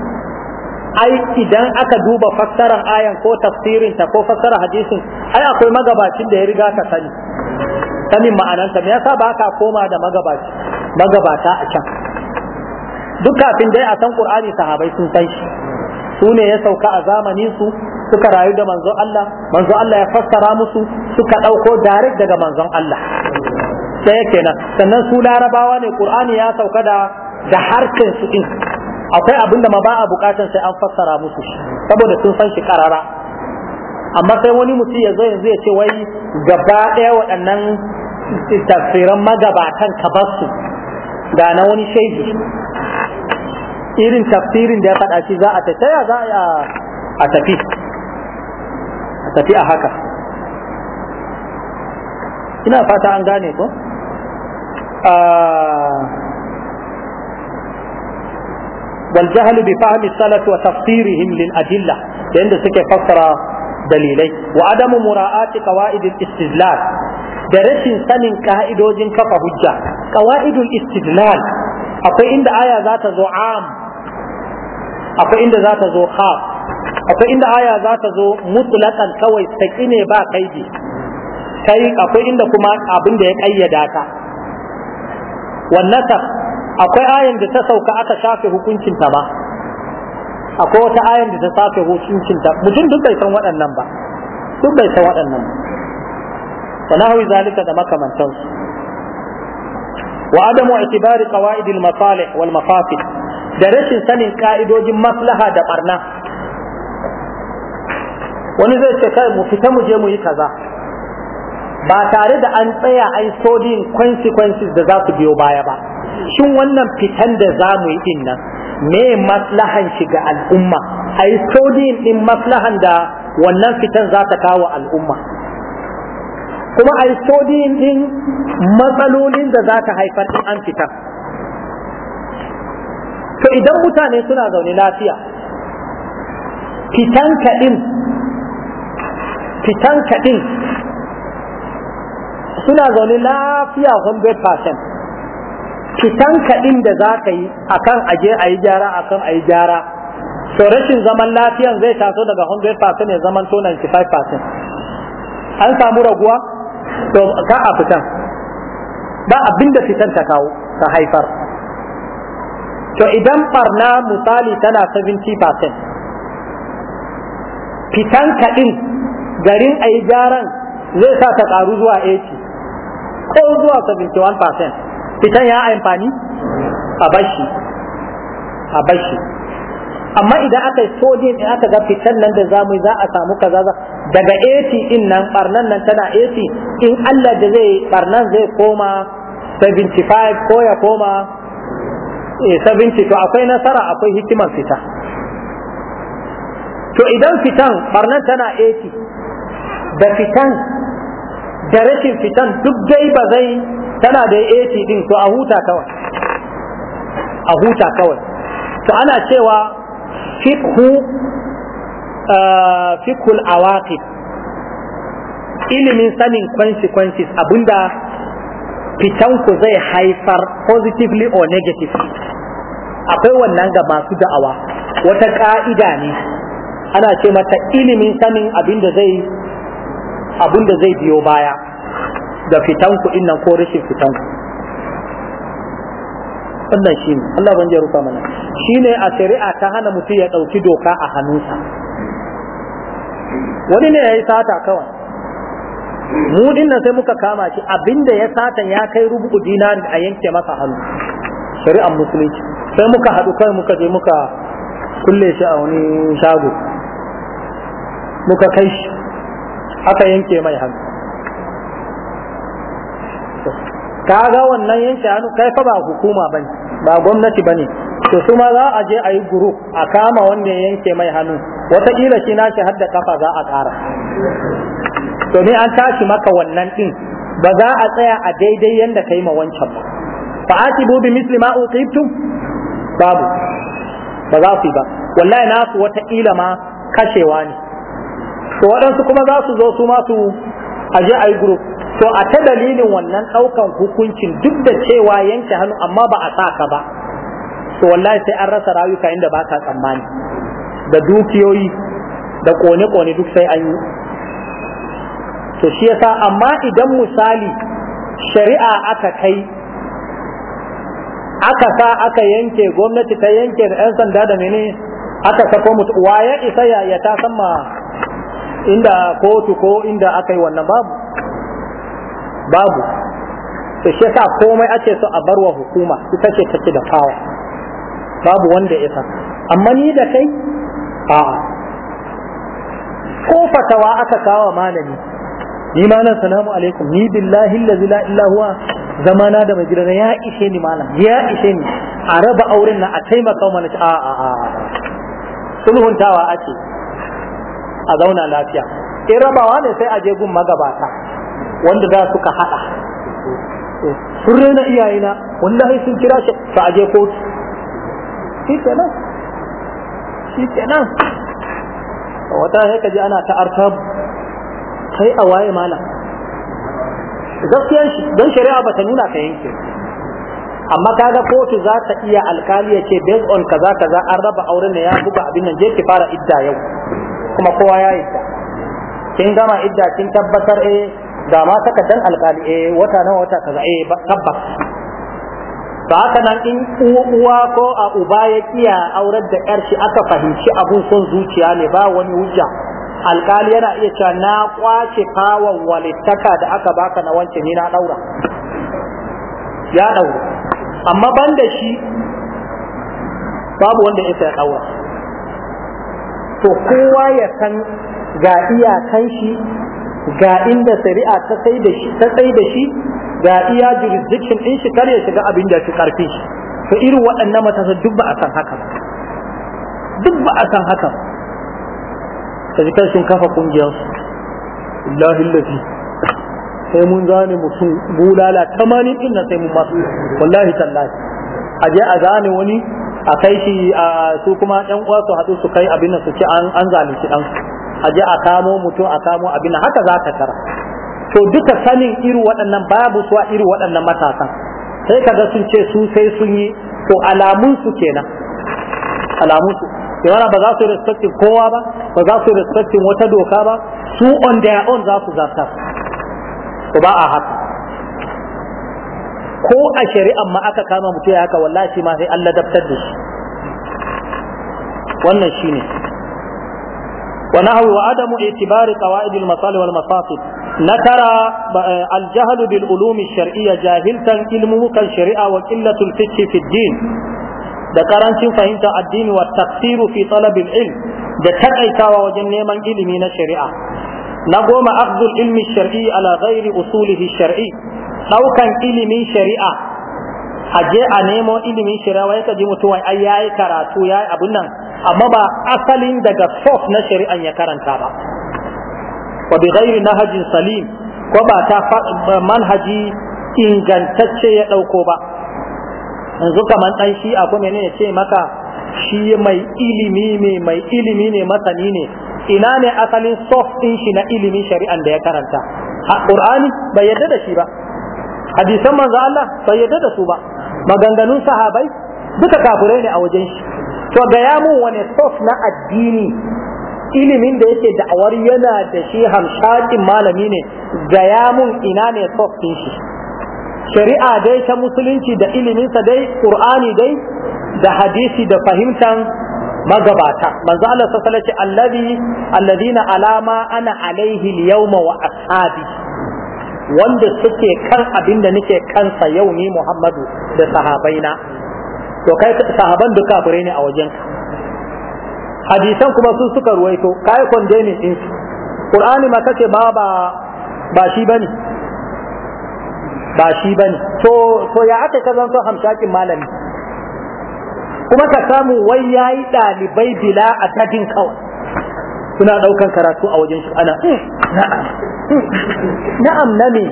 ai idan aka duba fassarar ayan ko tafsirinta ko fassarar hadisin ai akwai magabacin da ya riga ka sani sanin ma'anarsa me yasa baka koma da magabata a can duk kafin dai a san qur'ani sahabai sun san shi su ya sauka a zamanin su suka rayu da manzon Allah manzon Allah ya fassara musu suka dauko direct daga manzon Allah sai yake kenan sannan su larabawa ne qur'ani ya sauka da da harkar su din akwai abinda ma ba a bukatan sai an fassara musu saboda sun san shi karara amma sai wani mutum ya zo yanzu ya ce wai gaba ɗaya waɗannan tafsiran magabatan ka basu da na wani shaidu irin tafsirin da ya faɗa shi za a tafiya za a tafi a tafi a haka ina fata an gane ko والجهل بفهم السلف وتفسيرهم للأدلة لأن سكي فسر دليلي وعدم مراعاة قواعد الاستدلال da rashin sanin ka'idojin kafa hujja qawaidul istidlal akwai inda aya za ta zo am akwai inda za ta zo khas akwai inda aya za ta zo mutlaqan kawai saki ne ba kaidi kai akwai inda kuma abin da ya kayyada ta wannan akwai ayan da ta sauka aka shafe hukuncin ta ba akwai wata ayan da ta shafe hukuncin ta mutum duk bai san waɗannan ba duk bai san waɗannan ba wa nahwi zalika da makamantansu wa adamu i'tibari qawaid al masalih da rashin sanin ka'idojin maslaha da barna wani zai ce kai mu fita mu je mu yi kaza ba tare da an tsaya an sodin consequences da za su biyo baya ba shin wannan fitan da za mu yi din nan me maslahan shi ga al'umma a ɗin sodin din maslahan da wannan fitan za ta kawo al'umma kuma a yi din matsalolin da za ta haifar in an fita to idan mutane suna zaune lafiya fitan kaɗin fitan kaɗin suna zaune lafiya 100% fitan kaɗin da za ka yi akan aje a yi gyara akan a yi gyara to rashin zaman lafiyan zai taso daga 100% ya zaman to 95% an samu raguwa to ka a fitan ba abinda fitan ta kawo ta haifar to idan barna misali tana 70% fitan kaɗin garin a yi gyaran zai sa ta karu zuwa 80 ko zuwa 71% fitan ya amfani a bashi a bashi amma idan aka yi sojin in aka ga fitan nan da zamu za a samu kaza daga 80 in nan barnan nan tana 80 in Allah da zai barnan zai koma 75 ko ya koma 70 eh, to akwai nasara akwai hikimar fita to idan fitan barnan tana 80 da fitan da rashin fitan duk dai ba zai tana da 80 din to a huta kawai a huta kawai to ana cewa fiqhu uh, fiqhul awaqib ilimin sanin consequences abinda fitanku zai haifar positively or negatively akwai wannan ga masu da'awa wata ka'ida ne ana ce mata ilimin sanin abinda zai abinda zai biyo baya da fitanku innan ko rashin fitanku wannan shi ne Allah ban rufa mana shi ne a shari'a ta hana mutum ya ɗauki doka a hannunsa wani ne ya yi sata kawai mu dinna sai muka kama shi abinda ya sata ya kai rubu dinari a yanke masa hannu shari'ar musulunci sai muka haɗu kai muka je muka kulle shi a wani shago muka kai shi aka yanke mai hannu ka ga wannan yanke hannu kai fa ba hukuma bane ba gwamnati bane to su ma za a je a yi guru a kama wanda yanke mai hannu wataƙila shi na shi hadda kafa za a ƙara ni an tashi maka wannan din ba za a tsaya a daidai yanda kai ma wancan ba fa atibu bi misli ma uqibtum babu ba za su yi ba wallahi su wataƙila ma kashewa ne to waɗansu kuma za su zo su ma su a je a yi group to a ta dalilin wannan ɗaukan hukuncin duk da cewa yanke hannu amma ba a sa ka ba to wallahi sai an rasa rayuka inda ba ka tsammani da dukiyoyi da kone-kone duk sai an yi to shi yasa amma idan misali shari'a aka kai aka sa aka yanke gwamnati ta yanke da 'yan sanda da mene aka sako mutu ya isa ya ta sama inda kotu ko inda aka yi wannan babu babu to shi yasa komai ake so a bar wa hukuma ita ce take da fawa babu wanda ya san amma ni da kai a'a ko fatawa aka kawo malami ni ma nan salamu alaikum ni billahi allazi la ilaha huwa zamana da majira ya ishe ni malam ya ishe ni a raba auren na a taimaka mana a a a sulhuntawa ake a zauna lafiya in rabawa ne sai a je gun magabata wanda za su ka hada sun rena iyayena hai sun kira shi su je kotu shi kenan shi kenan wata sai ji ana ta'artar kai a waye malam gaskiyar shi don shari'a bata nuna ka yanke amma ga kotu za ta iya alkali ya ce based on kaza kaza an raba auren ne ya buga abin nan je ki fara idda yau kuma kowa ya yi kin gama idda kin tabbatar eh ga ma dan alƙali eh wata nawa wata kaza eh tabbas to haka nan in uwa ko a uba ya kiya aurar da yar shi aka fahimci abun son zuciya ne ba wani hujja alƙali yana iya cewa na kwace kawon walittaka da aka baka na wance ni na daura ya daura amma ban da shi babu wanda ya daura to kowa ya san ga iyakan shi ga inda shari'a ta sai da shi ta sai da shi ga iya jurisdiction din shi kar ya shiga abin da shi karfi shi to irin waɗannan matasa duk ba a san haka duk ba a san haka ka ji sun kafa kungiyar su illahi lafi sai mun zane mutum bulala tamanin din na sai mun masu wallahi tallahi a je a zane wani a kai shi su kuma yan uwa su haɗu su kai abin su ce an zalunci dan a je a kamo mutum a kamo abin haka za ka tara to duka sanin iri waɗannan babu suwa iri waɗannan matasan sai kaga sun ce su sai sun yi to alamun su kenan alamun su yana ba za su respectin kowa ba ba za su respectin wata doka ba su on their own za su zartar to ba a haka ko a shari'a ma aka kama mutum haka wallahi shi ma sai Allah daftar da shi wannan shine wa nahu wa adamu itibari qawaid al masal wal mafasid nakara eh, al jahl bil ulum al shar'iyya jahiltan ilmu kan shari'a wa qillatu al fiqh fi din da karancin fahimta addini wa taqsiru fi talab al ilm da takaitawa wajen neman ilimi na shari'a na goma akhdhu al ilmi al shar'i ala ghairi usulihi al shar'i ɗaukan ilimin shari'a a je a nemo ilimin shari'a wai ka ji mutuwan ai yayi karatu yayi abun nan amma ba asalin daga sof na shari'an ya karanta ba wa bi ghairi nahajin salim ko ba ta manhaji ingantacce ya ɗauko ba yanzu kaman ɗan shi a kuma ne ce maka shi mai ilimi ne mai ilimi ne masani ne ina ne asalin sof din shi na ilimin shari'an da ya karanta a ƙur'ani bai yarda da shi ba hadisan manzo Allah bai yadda da su ba maganganun sahabai duka kafirai ne a wajen shi to ga ya mun wani sof na addini ilimin da yake da'awar yana da shi hamshakin malami ne ga ya mun ina ne sof din shi shari'a dai ta musulunci da iliminsa dai qur'ani dai da hadisi da fahimtan magabata manzo Allah sallallahu alaihi sallam alladhi alladhina alama ana alaihi al-yawma wa ashabi wanda suke kan abin da nake kansa yau ni Muhammadu da sahabaina to kai sahaban duka kafirai ne a wajenka hadisan kuma su suka ruwaito kai kwandemin din su Qur'ani ma kace ba ba ba shi bane ba shi bane to to ya aka kazan so hamshakin malami kuma ka samu wai yayi dalibai bila a tadin kawai suna daukan karatu a wajen su ana eh, na'am eh, na'am na me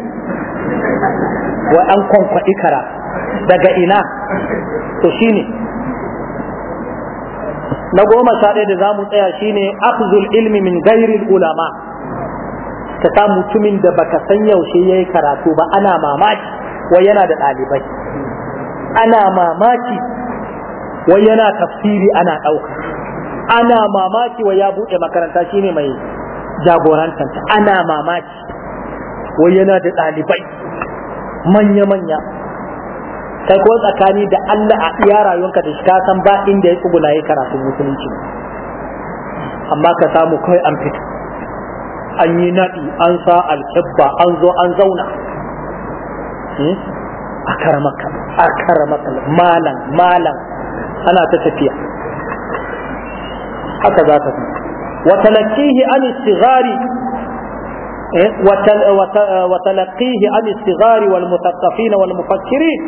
wa an kwankwaɗi kara daga ina to shine na goma sa ɗaya da za mu tsaya shine akhzul ilmi min gairil ulama ka mutumin da baka san yaushe yayi karatu ba ana mamaki wai yana da ɗalibai ana mamaki wai yana tafsiri ana ɗauka ana mamaki wa ya buɗe makaranta shine mai jagorantanta ana mamaki wai yana da ɗalibai manya-manya kai ko tsakani da Allah a iya rayuwarka da shi ka san ba inda ya tsuguna ya karatu musulunci amma ka samu kawai an fito an yi naɗi an sa alkebba an zo an zauna hmm? a karamaka a karamaka malam malam ana ta tafiya haka za ta tafi. talaqqihi an istighari وتلقيه عن الصغار والمثقفين والمفكرين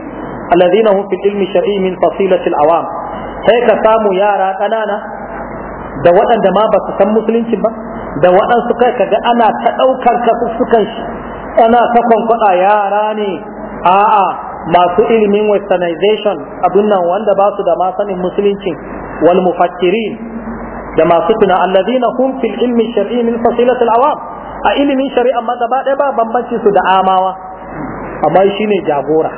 الذين هم في العلم الشرعي من فصيلة Sai ka samu yara قنانا da waɗanda ma ba su san musulunci ba da waɗansu kai kaga ana ta ɗaukar kasussukan shi ana ta kwankwaɗa yara ne a'a masu ilimin westernization abin nan wanda ba su da ma sanin musulunci wal mufakkirin da masu tuna allazina hum fil ilmi shar'i min fasilatil awam a ilimin shari'a ma gaba ɗaya ba bambanci su da amawa amma shine jagora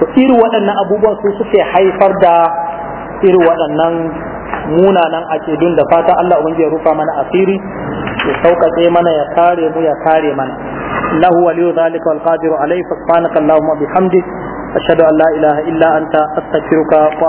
to irin waɗannan abubuwan su suke haifar da irin waɗannan munanan akidun da fata Allah ubangiji ya rufa mana asiri ya sauƙaƙe mana ya kare mu ya kare mana lahu waliyu zalika wal qadiru alayhi subhanaka allahumma bihamdik ashhadu an la illa anta astaghfiruka wa